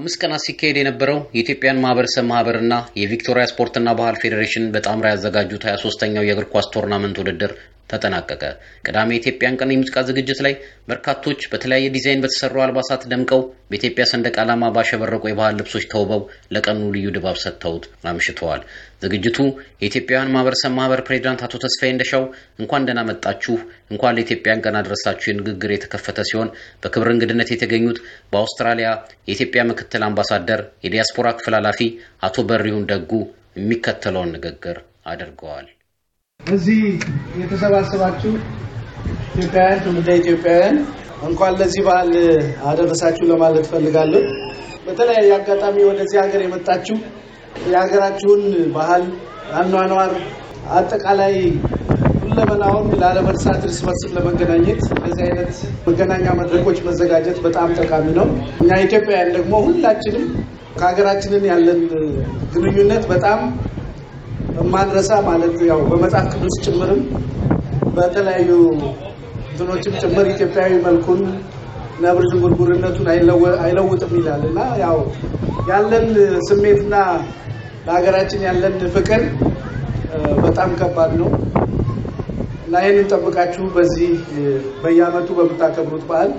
ለአምስት ቀናት ሲካሄድ የነበረው የኢትዮጵያን ማህበረሰብ ማህበርና የቪክቶሪያ ስፖርትና ባህል ፌዴሬሽን በጣምራ ያዘጋጁት 23ኛው የእግር ኳስ ቶርናመንት ውድድር ተጠናቀቀ። ቅዳሜ የኢትዮጵያን ቀን የሙዚቃ ዝግጅት ላይ በርካቶች በተለያየ ዲዛይን በተሰሩ አልባሳት ደምቀው በኢትዮጵያ ሰንደቅ ዓላማ ባሸበረቁ የባህል ልብሶች ተውበው ለቀኑ ልዩ ድባብ ሰጥተውት አምሽተዋል። ዝግጅቱ የኢትዮጵያውያን ማህበረሰብ ማህበር ፕሬዚዳንት አቶ ተስፋዬ እንደሻው እንኳን ደህና መጣችሁ፣ እንኳን ለኢትዮጵያን ቀን አደረሳችሁ የንግግር የተከፈተ ሲሆን በክብር እንግድነት የተገኙት በአውስትራሊያ የኢትዮጵያ ምክትል አምባሳደር የዲያስፖራ ክፍል ኃላፊ አቶ በሪሁን ደጉ የሚከተለውን ንግግር አድርገዋል። እዚህ የተሰባሰባችሁ ኢትዮጵያውያን፣ ትውልደ ኢትዮጵያውያን እንኳን ለዚህ በዓል አደረሳችሁ ለማለት ፈልጋለሁ። በተለያየ አጋጣሚ ወደዚህ ሀገር የመጣችሁ የሀገራችሁን ባህል አኗኗር፣ አጠቃላይ ሁለመናውን ላለመርሳት፣ እርስ ለመገናኘት እንደዚህ አይነት መገናኛ መድረኮች መዘጋጀት በጣም ጠቃሚ ነው። እኛ ኢትዮጵያውያን ደግሞ ሁላችንም ከሀገራችንን ያለን ግንኙነት በጣም ማንረሳ ማለት ያው በመጽሐፍ ቅዱስ ጭምርም በተለያዩ እንትኖችም ጭምር ኢትዮጵያዊ መልኩን ነብር ዝንጉርጉርነቱን አይለውጥም ይላል እና ያው ያለን ስሜትና ለሀገራችን ያለን ፍቅር በጣም ከባድ ነው እና ይህን ጠብቃችሁ በዚህ በየአመቱ በምታከብሩት በዓል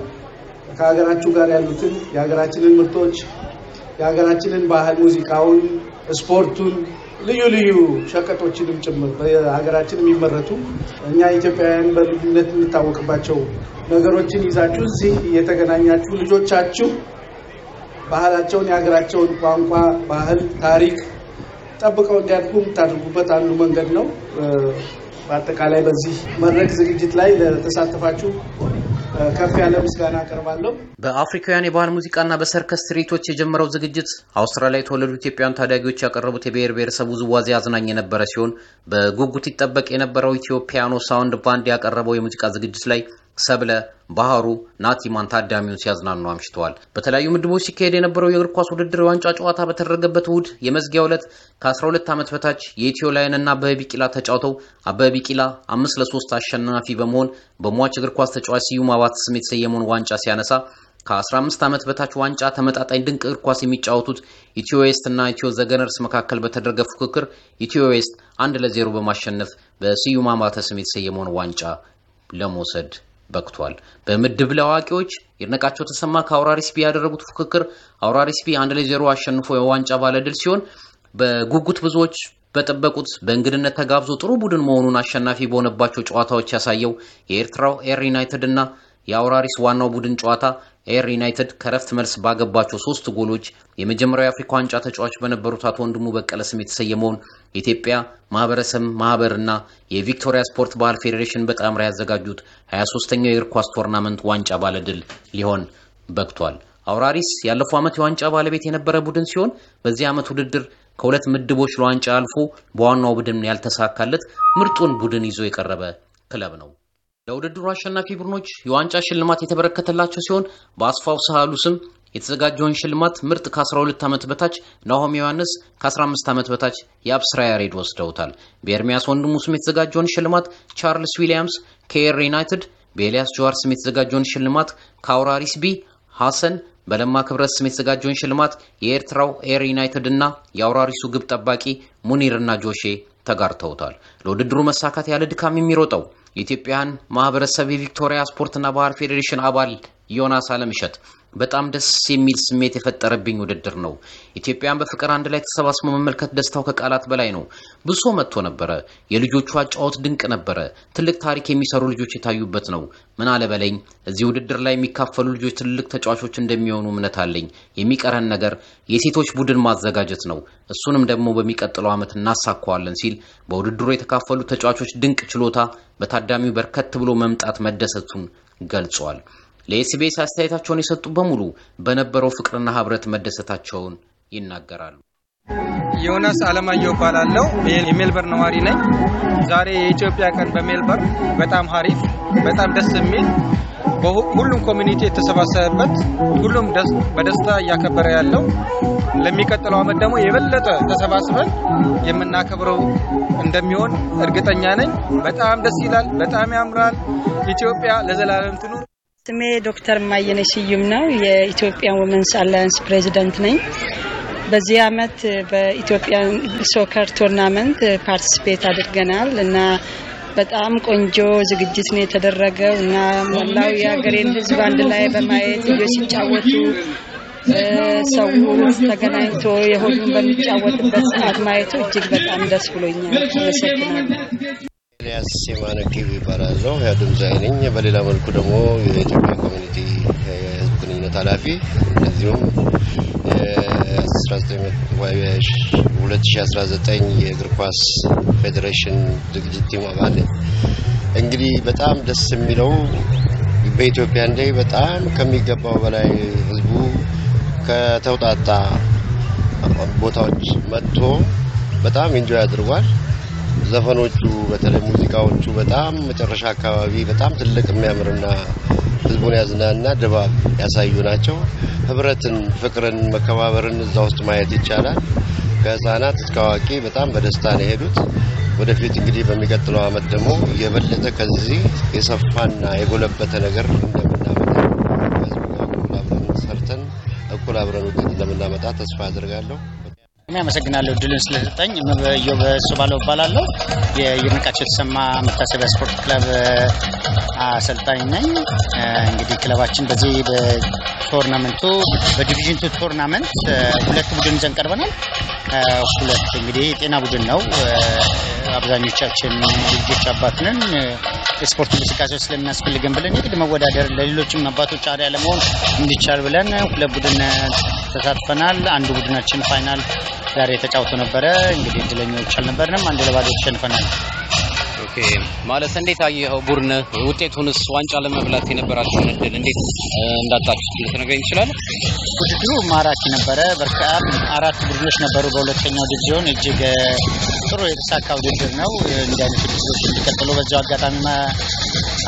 ከሀገራችሁ ጋር ያሉትን የሀገራችንን ምርቶች የሀገራችንን ባህል፣ ሙዚቃውን፣ ስፖርቱን ልዩ ልዩ ሸቀጦችንም ጭምር በሀገራችን የሚመረቱ እኛ ኢትዮጵያውያን በልዩነት የምታወቅባቸው ነገሮችን ይዛችሁ እዚህ የተገናኛችሁ ልጆቻችሁ ባህላቸውን፣ የሀገራቸውን ቋንቋ፣ ባህል፣ ታሪክ ጠብቀው እንዲያድጉ የምታደርጉበት አንዱ መንገድ ነው። በአጠቃላይ በዚህ መድረክ ዝግጅት ላይ ለተሳተፋችሁ ከፍ ያለ ምስጋና አቀርባለሁ። በአፍሪካውያን የባህል ሙዚቃና በሰርከስ ትርኢቶች የጀመረው ዝግጅት አውስትራሊያ የተወለዱ ኢትዮጵያውያን ታዳጊዎች ያቀረቡት የብሔር ብሔረሰብ ውዝዋዜ አዝናኝ የነበረ ሲሆን በጉጉት ይጠበቅ የነበረው ኢትዮፒያኖ ሳውንድ ባንድ ያቀረበው የሙዚቃ ዝግጅት ላይ ሰብለ ባህሩ ናቲማን ታዳሚውን ሲያዝናኑ አምሽተዋል። በተለያዩ ምድቦች ሲካሄድ የነበረው የእግር ኳስ ውድድር ዋንጫ ጨዋታ በተደረገበት እሁድ የመዝጊያ ዕለት ከ12 ዓመት በታች የኢትዮ ላይንና አበበ ቢቂላ ተጫውተው አበበ ቢቂላ አምስት ለሶስት አሸናፊ በመሆን በሟች እግር ኳስ ተጫዋች ስዩም አባተ ስም የተሰየመውን ዋንጫ ሲያነሳ ከ15 ዓመት በታች ዋንጫ ተመጣጣኝ ድንቅ እግር ኳስ የሚጫወቱት ኢትዮ ዌስት እና ኢትዮ ዘገነርስ መካከል በተደረገ ፉክክር ኢትዮ ዌስት አንድ ለዜሮ በማሸነፍ በስዩም አባተ ስም የተሰየመውን ዋንጫ ለመውሰድ በቅቷል። በምድብ ለአዋቂዎች ይድነቃቸው ተሰማ ከአውራሪስቢ ያደረጉት ፉክክር አውራሪስቢ አንድ ለዜሮ አሸንፎ የዋንጫ ባለድል ሲሆን በጉጉት ብዙዎች በጠበቁት በእንግድነት ተጋብዞ ጥሩ ቡድን መሆኑን አሸናፊ በሆነባቸው ጨዋታዎች ያሳየው የኤርትራው ኤር ዩናይትድ እና የአውራሪስ ዋናው ቡድን ጨዋታ ኤር ዩናይትድ ከረፍት መልስ ባገባቸው ሶስት ጎሎች የመጀመሪያው የአፍሪካ ዋንጫ ተጫዋች በነበሩት አቶ ወንድሙ በቀለ ስም የተሰየመውን የኢትዮጵያ ማህበረሰብ ማህበርና የቪክቶሪያ ስፖርት ባህል ፌዴሬሽን በጣምራ ያዘጋጁት 23ኛው የእግር ኳስ ቶርናመንት ዋንጫ ባለድል ሊሆን በቅቷል። አውራሪስ ያለፈው ዓመት የዋንጫ ባለቤት የነበረ ቡድን ሲሆን በዚህ ዓመት ውድድር ከሁለት ምድቦች ለዋንጫ አልፎ በዋናው ቡድን ያልተሳካለት ምርጡን ቡድን ይዞ የቀረበ ክለብ ነው። ለውድድሩ አሸናፊ ቡድኖች የዋንጫ ሽልማት የተበረከተላቸው ሲሆን በአስፋው ሳህሉ ስም የተዘጋጀውን ሽልማት ምርጥ ከ12 ዓመት በታች ናሆም ዮሐንስ፣ ከ15 ዓመት በታች የአብስራ ያሬድ ወስደውታል። በኤርሚያስ ወንድሙ ስም የተዘጋጀውን ሽልማት ቻርልስ ዊሊያምስ ከኤር ዩናይትድ፣ በኤልያስ ጆዋር ስም የተዘጋጀውን ሽልማት ከአውራሪስ ቢ ሐሰን፣ በለማ ክብረት ስም የተዘጋጀውን ሽልማት የኤርትራው ኤር ዩናይትድ እና የአውራሪሱ ግብ ጠባቂ ሙኒርና ጆሼ ተጋርተውታል። ለውድድሩ መሳካት ያለ ድካም የሚሮጠው የኢትዮጵያን ማህበረሰብ የቪክቶሪያ ስፖርትና ባህል ፌዴሬሽን አባል ዮናስ አለምሸት በጣም ደስ የሚል ስሜት የፈጠረብኝ ውድድር ነው። ኢትዮጵያን በፍቅር አንድ ላይ ተሰባስቦ መመልከት ደስታው ከቃላት በላይ ነው። ብሶ መጥቶ ነበረ። የልጆቹ አጫወት ድንቅ ነበረ። ትልቅ ታሪክ የሚሰሩ ልጆች የታዩበት ነው። ምን በለኝ፣ እዚህ ውድድር ላይ የሚካፈሉ ልጆች ትልቅ ተጫዋቾች እንደሚሆኑ እምነት አለኝ። የሚቀረን ነገር የሴቶች ቡድን ማዘጋጀት ነው። እሱንም ደግሞ በሚቀጥለው ዓመት እናሳካዋለን ሲል በውድድሩ የተካፈሉ ተጫዋቾች ድንቅ ችሎታ በታዳሚው በርከት ብሎ መምጣት መደሰቱን ገልጿል። ለኤስቢኤስ አስተያየታቸውን የሰጡ በሙሉ በነበረው ፍቅርና ህብረት መደሰታቸውን ይናገራሉ። ዮናስ አለማየሁ እባላለሁ። የሜልበር ነዋሪ ነኝ። ዛሬ የኢትዮጵያ ቀን በሜልበር በጣም ሀሪፍ፣ በጣም ደስ የሚል ሁሉም ኮሚኒቲ የተሰባሰበበት ሁሉም በደስታ እያከበረ ያለው ለሚቀጥለው ዓመት ደግሞ የበለጠ ተሰባስበን የምናከብረው እንደሚሆን እርግጠኛ ነኝ። በጣም ደስ ይላል። በጣም ያምራል። ኢትዮጵያ ለዘላለም ትኑር። ስሜ ዶክተር ማየነ ስዩም ነው። የኢትዮጵያ ወመንስ አላያንስ ፕሬዚደንት ነኝ። በዚህ አመት በኢትዮጵያ ሶከር ቶርናመንት ፓርቲስፔት አድርገናል እና በጣም ቆንጆ ዝግጅት ነው የተደረገው እና መላው የሀገሬን ሕዝብ አንድ ላይ በማየት ልጆች ሲጫወቱ ሰው ተገናኝቶ የሆኑን በሚጫወትበት ሰዓት ማየቱ እጅግ በጣም ደስ ብሎኛል። አመሰግናለሁ። ኤልያስ የማነክ ይባላለሁ። ያ ድምፃዊ ነኝ። በሌላ መልኩ ደግሞ የኢትዮጵያ ኮሚኒቲ የህዝብ ግንኙነት ኃላፊ እንደዚሁም 2019 የእግር ኳስ ፌዴሬሽን ዝግጅት ቲም አባል። እንግዲህ በጣም ደስ የሚለው በኢትዮጵያ እንደ በጣም ከሚገባው በላይ ህዝቡ ከተውጣጣ ቦታዎች መጥቶ በጣም ኢንጆይ አድርጓል። ዘፈኖቹ በተለይ ሙዚቃዎቹ በጣም መጨረሻ አካባቢ በጣም ትልቅ የሚያምርና ህዝቡን ያዝናና ድባብ ያሳዩ ናቸው። ህብረትን፣ ፍቅርን፣ መከባበርን እዛ ውስጥ ማየት ይቻላል። ከህፃናት እስከ አዋቂ በጣም በደስታ ነው የሄዱት። ወደፊት እንግዲህ በሚቀጥለው አመት ደግሞ የበለጠ ከዚህ የሰፋና የጎለበተ ነገር እንደምናመጣ ህዝቡ ጋር እኩል አብረን ሰርተን እኩል አብረን ውጤት እንደምናመጣ ተስፋ አድርጋለሁ። እኔ አመሰግናለሁ እድሉን ስለሰጠኝ። እዮብ ባለው እባላለሁ። የይድነቃቸው የተሰማ መታሰቢያ ስፖርት ክለብ አሰልጣኝ ነኝ። እንግዲህ ክለባችን በዚህ በቶርናመንቱ በዲቪዥን ቱ ቶርናመንት ሁለት ቡድን ይዘን ቀርበናል። ሁለት እንግዲህ የጤና ቡድን ነው። አብዛኞቻችን ልጆች አባት ነን። የስፖርት እንቅስቃሴ ስለሚያስፈልገን ብለን የግድ መወዳደር ለሌሎችም አባቶች አርአያ ለመሆን እንዲቻል ብለን ሁለት ቡድን ተሳትፈናል። አንዱ ቡድናችን ፋይናል ጋር የተጫወቱ ነበረ። እንግዲህ ድለኞች አልነበርንም። አንድ ለባዶ ተሸንፈናል። ኦኬ ማለት እንዴት አየኸው? ቡድን ውጤቱንስ ዋንጫ ለመብላት የነበራችሁን እድል እንዴት እንዳጣችሁ ልትነግረኝ ይችላል ውድድሩ ማራኪ ነበረ። በጣም አራት ቡድኖች ነበሩ በሁለተኛው ዲቪዚዮን። እጅግ ጥሩ የተሳካ ውድድር ነው። እንዲህ አይነት ውድድሮች እንዲቀጥሉ በዚያው አጋጣሚ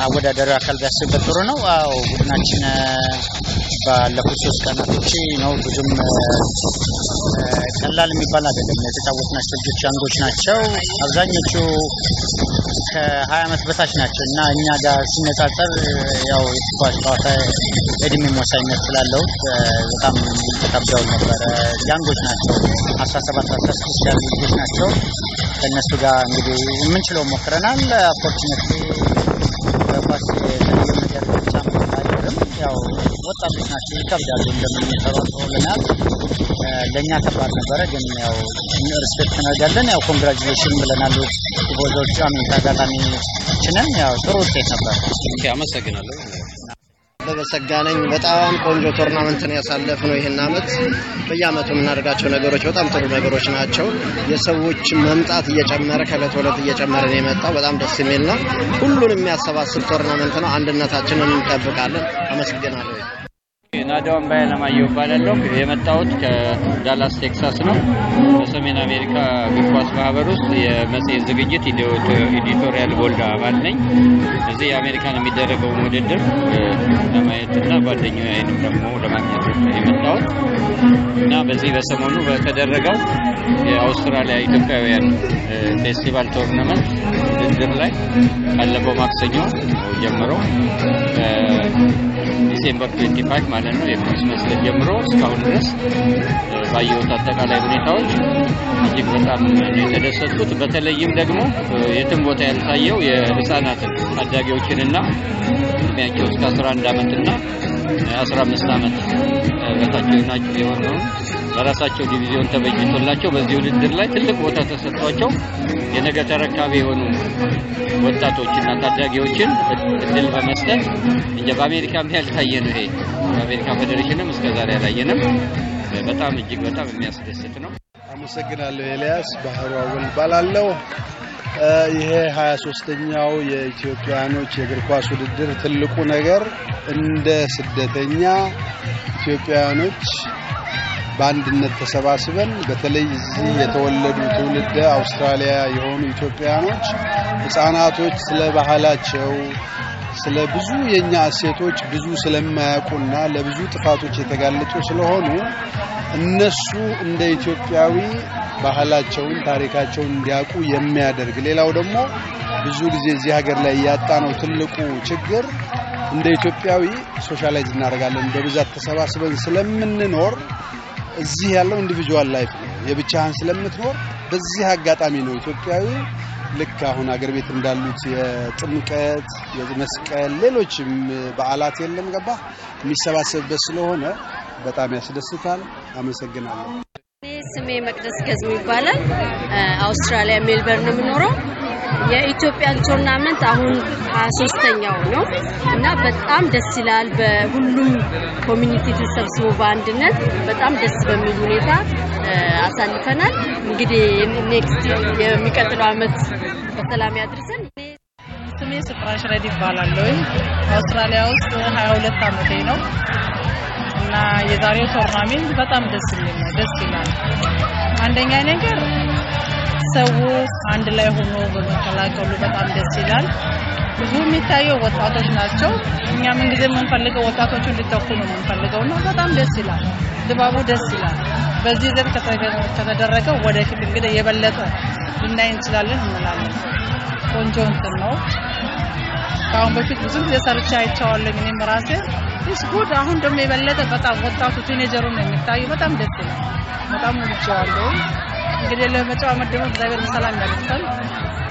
አወዳደሩ አካል ቢያስብበት ጥሩ ነው። አዎ ቡድናችን ባለፉት ሶስት ቀናቶች ነው ብዙም ቀላል የሚባል አይደለም። የተጫወትናቸው ልጆች አንጎች ናቸው አብዛኞቹ ከሀያ ዓመት በታች ናቸው እና እኛ ጋር ሲነጻጸር ያው የስኳሽ ጨዋታ እድሜ ወሳኝነት ስላለው በጣም ተከብደው ነበረ። ያንጎች ናቸው፣ አስራ ሰባት አስራ ስድስት ያሉ ልጆች ናቸው። ከእነሱ ጋር እንግዲህ የምንችለው ሞክረናል። አፖርቹኒቲ በኳስ ወጣቶች ናቸው፣ ይከብዳሉ። እንደምንሰራው ሆነናል። ለእኛ ከባድ ነበረ፣ ግን ያው ሪስፔክት እናደርጋለን። ያው ኮንግራጁሌሽን ብለናል። ቦዛዎቹ አሜሪካ ተጋጣሚዎችንም ያው ጥሩ ውጤት ነበር። አመሰግናለሁ። በበሰጋነኝ በጣም ቆንጆ ቶርናመንት ነው ነው። ይህን አመት በየአመቱ የምናደርጋቸው ነገሮች በጣም ጥሩ ነገሮች ናቸው። የሰዎች መምጣት እየጨመረ ከእለት ወለት እየጨመረ ነው የመጣው። በጣም ደስ የሚል ነው። ሁሉንም የሚያሰባስብ ቶርናመንት ነው። አንድነታችንን እንጠብቃለን። አመስግናለሁ። ናዳውን ባይ ለማየው እባላለሁ። የመጣሁት ከዳላስ ቴክሳስ ነው። በሰሜን አሜሪካ እግር ኳስ ማህበር ውስጥ የመጽሔት ዝግጅት ኤዲቶሪያል ቦልዳ አባል ነኝ። እዚህ የአሜሪካን የሚደረገውን ውድድር ለማየትና ጓደኛዬንም ደግሞ ለማግኘት የመጣሁት እና በዚህ በሰሞኑ በተደረገው የአውስትራሊያ ኢትዮጵያውያን ፌስቲቫል ቶርናመንት ውድድር ላይ ካለፈው ማክሰኞ ጀምሮ ዲሴምበር 25 ማለት ማለት ነው። የክሪስመስ ዕለት ጀምሮ እስካሁን ድረስ ባየሁት አጠቃላይ ሁኔታዎች እጅግ በጣም የተደሰትኩት፣ በተለይም ደግሞ የትም ቦታ ያልታየው የህፃናትን ታዳጊዎችንና እድሜያቸው እስከ 11 ዓመትና 15 ዓመት በታች ናቸው የሆነውን በራሳቸው ዲቪዚዮን ተበጅቶላቸው በዚህ ውድድር ላይ ትልቅ ቦታ ተሰጥቷቸው የነገ ተረካቢ የሆኑ ወጣቶችና ታዳጊዎችን እድል በመስጠት እንደ በአሜሪካም ያልታየ ነው። ይሄ በአሜሪካ ፌዴሬሽንም እስከዛሬ ያላየንም በጣም እጅግ በጣም የሚያስደስት ነው። አመሰግናለሁ። ኤልያስ ባህሩ አወል እባላለሁ። ይሄ 23ኛው የኢትዮጵያኖች የእግር ኳስ ውድድር ትልቁ ነገር እንደ ስደተኛ ኢትዮጵያኖች በአንድነት ተሰባስበን በተለይ እዚህ የተወለዱ ትውልደ አውስትራሊያ የሆኑ ኢትዮጵያኖች ህጻናቶች ስለ ባህላቸው ስለ ብዙ የእኛ እሴቶች ብዙ ስለማያውቁና ለብዙ ጥፋቶች የተጋለጡ ስለሆኑ እነሱ እንደ ኢትዮጵያዊ ባህላቸውን፣ ታሪካቸውን እንዲያውቁ የሚያደርግ ሌላው ደግሞ ብዙ ጊዜ እዚህ ሀገር ላይ ያጣነው ትልቁ ችግር እንደ ኢትዮጵያዊ ሶሻላይዝ እናደርጋለን። በብዛት ተሰባስበን ስለምንኖር እዚህ ያለው ኢንዲቪጁዋል ላይፍ ነው። የብቻህን ስለምትኖር በዚህ አጋጣሚ ነው ኢትዮጵያዊ ልክ አሁን አገር ቤት እንዳሉት የጥምቀት፣ የመስቀል፣ ሌሎችም በዓላት የለም ገባ የሚሰባሰብበት ስለሆነ በጣም ያስደስታል። አመሰግናለሁ። ስሜ መቅደስ ገዝም ይባላል። አውስትራሊያ ሜልበርን የምኖረው የኢትዮጵያን ቶርናመንት አሁን ሀያ ሶስተኛው ነው እና በጣም ደስ ይላል። በሁሉም ኮሚኒቲ ተሰብስቦ በአንድነት በጣም ደስ በሚል ሁኔታ አሳልፈናል። እንግዲህ ኔክስት የሚቀጥለው አመት በሰላም ያድርሰን። ስሜ ስፍራሽ ረድ ይባላለሁ። አውስትራሊያ ውስጥ ሀያ ሁለት አመቴ ነው እና የዛሬው ቶርናሜንት በጣም ደስ የሚል ነው። ደስ ይላል። አንደኛ ነገር ሰው አንድ ላይ ሆኖ በመቀላቀሉ በጣም ደስ ይላል። ብዙ የሚታየው ወጣቶች ናቸው። እኛ ምን ጊዜ የምንፈልገው ወጣቶቹ እንዲተኩ ነው የምንፈልገው እና በጣም ደስ ይላል። ድባቡ ደስ ይላል። በዚህ ዘር ከተደረገ ወደፊት እንግዲህ የበለጠ ልናይ እንችላለን እንላለን። ቆንጆ እንትን ነው። ከአሁን በፊት ብዙ ጊዜ ሰርቻ አይቼዋለሁ እኔም ራሴ ኢስ ጉድ። አሁን ደግሞ የበለጠ በጣም ወጣቱ ቲኔጀሩ ነው የሚታየው። በጣም ደስ ይላል። በጣም ውጃዋለሁ። እንግዲህ ለመጨማመድ ደግሞ እግዚአብሔር ሰላም ያደርግታል።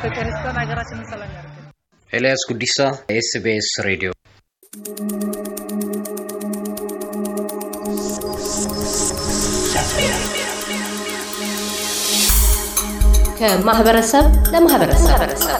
ፍቅር ይስጠን፣ ሀገራችንን ሰላም ያደርግል። ኤልያስ ጉዲሳ ኤስቢኤስ ሬዲዮ ከማህበረሰብ ለማህበረሰብ ማህበረሰብ